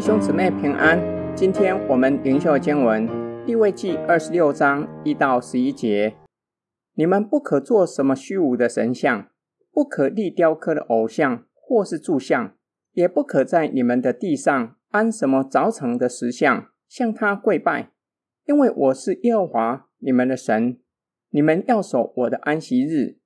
弟兄姊妹平安，今天我們靈修經文《利未記》二十六章一到十一節。你們不可做什麼虛無的神像，不可立雕刻的偶像，或是柱像，也不可在你們的地上安什麼鑿成的石像，向他跪拜。因為我是耶和華你們的神，你們要守我的安息日，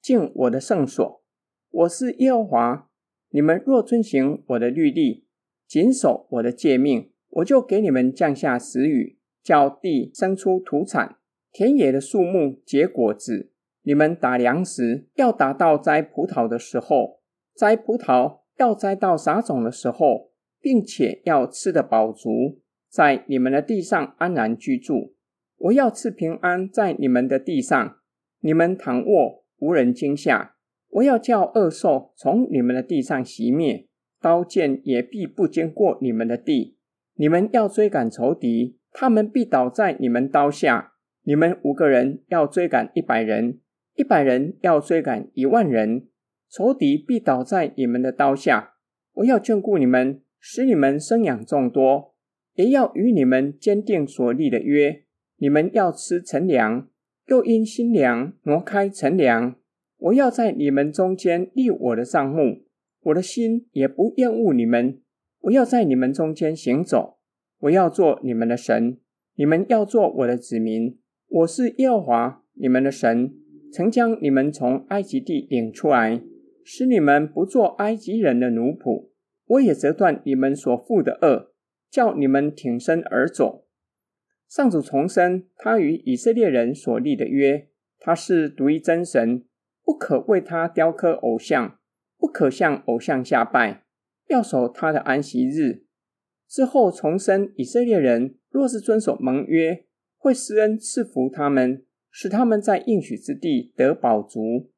敬我的聖所。我是耶和華，你們若遵行我的律例，謹守我的誡命，我就給你們降下時雨，叫地生出土產，田野的樹木結果子。你們打糧食要打到摘葡萄的時候，摘葡萄要摘到撒種的時候，並且要吃得飽足，在你們的地上安然居住。我要賜平安在你們的地上，你們躺臥無人驚嚇。我要叫惡獸從你們的地上息滅。刀劍也必不經過你們的地。你們要追趕仇敵，他們必倒在你們刀下。你們五個人要追趕一百人，一百人要追趕一萬人，仇敵必倒在你們的刀下。我要眷顧你們，使你們生養眾多，也要與你們堅定所立的約。你們要吃陳糧，又因新糧挪開陳糧。我要在你們中間立我的帳幕。我的心也不厭惡你們，我要在你們中間行走，我要做你們的神，你們要做我的子民。我是耶和華你們的神，曾將你們從埃及地領出來，使你們不做埃及人的奴僕。我也折斷你們所負的軛，叫你們挺身而走。上主重申他與以色列人所立的約，他是獨一真神，不可為他雕刻偶像。不可向偶像下拜，要守他的安息日。之後重申，以色列人若是遵守盟約，會施恩賜福他們，使他們在應許之地得保足，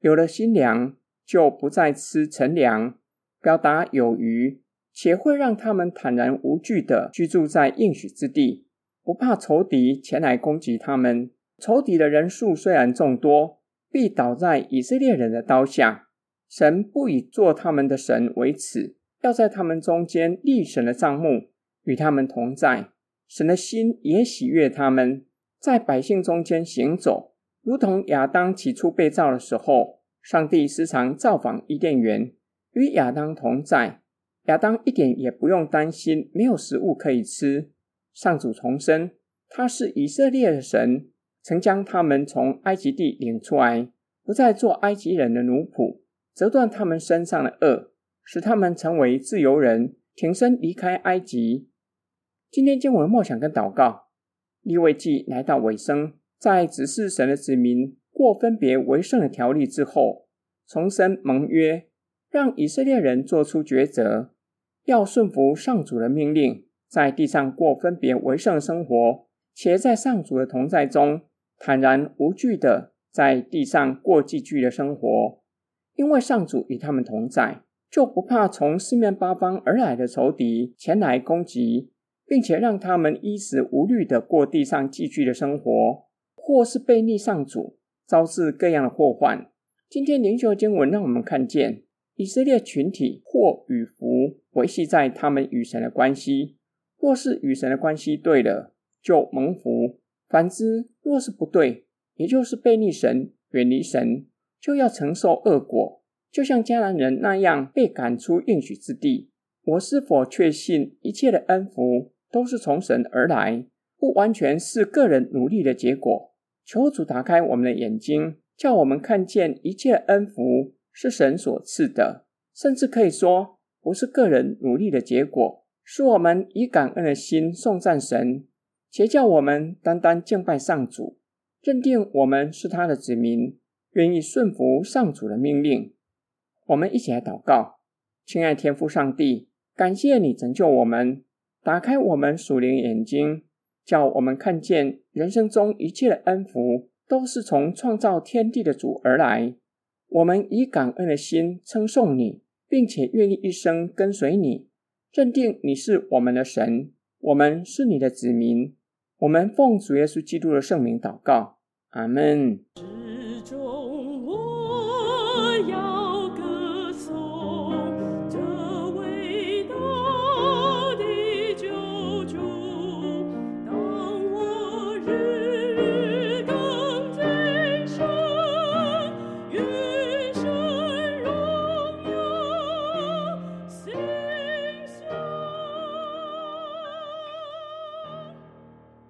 有了新糧，就不再吃陳糧，表達有餘，且會讓他們坦然無懼的居住在應許之地，不怕仇敵前來攻擊他們。仇敵的人數雖然眾多，必倒在以色列人的刀下。神不以做他們的神為恥，要在他們中間立神的帳幕，與他們同在。神的心也喜悅他們，在百姓中間行走，如同亞當起初被造的時候，上帝時常造訪伊甸園，與亞當同在。亞當一點也不用擔心沒有食物可以吃。上主重申，他是以色列的神，曾將他們從埃及地領出來，不再做埃及人的奴僕。折斷他們身上的軛，使他們成為自由人，挺身離開埃及。今天經文默想跟禱告，利未記來到尾聲，在指示神的子民過分別為聖的條例之後，重申盟約，讓以色列人做出抉擇：要順服上主的命令，在地上過分別為聖的生活，且在上主的同在中，坦然無懼的在地上過寄居的生活。因為上主與他們同在，就不怕從四面八方而來的仇敵前來攻擊，並且讓他們衣食無慮的過地上寄居的生活，或是背逆上主，招致各樣的禍患。今天靈修經文讓我們看見以色列群體或與福禍與福維繫在他們與神的關係，若是與神的關係對了，就蒙福；反之，若是不對，也就是背逆神，遠離神。就要承受惡果，就像迦南人那樣被趕出應許之地。我是否確信一切的恩福都是從神而來，不完全是個人努力的結果？求主打開我們的眼睛，叫我們看見一切的恩福是神所賜的，甚至可以說不是個人努力的結果，使我們以感恩的心頌讚神，且叫我們單單敬拜上主，認定我們是他的子民。願意順服上主的命令，我們一起來禱告，親愛天父上帝，感謝你拯救我們，打開我們屬靈眼睛，叫我們看見人生中一切的恩福都是從創造天地的主而來。我們以感恩的心稱頌你，並且願意一生跟隨你，認定你是我們的神，我們是你的子民，我們奉主耶穌基督的聖名禱告，阿門。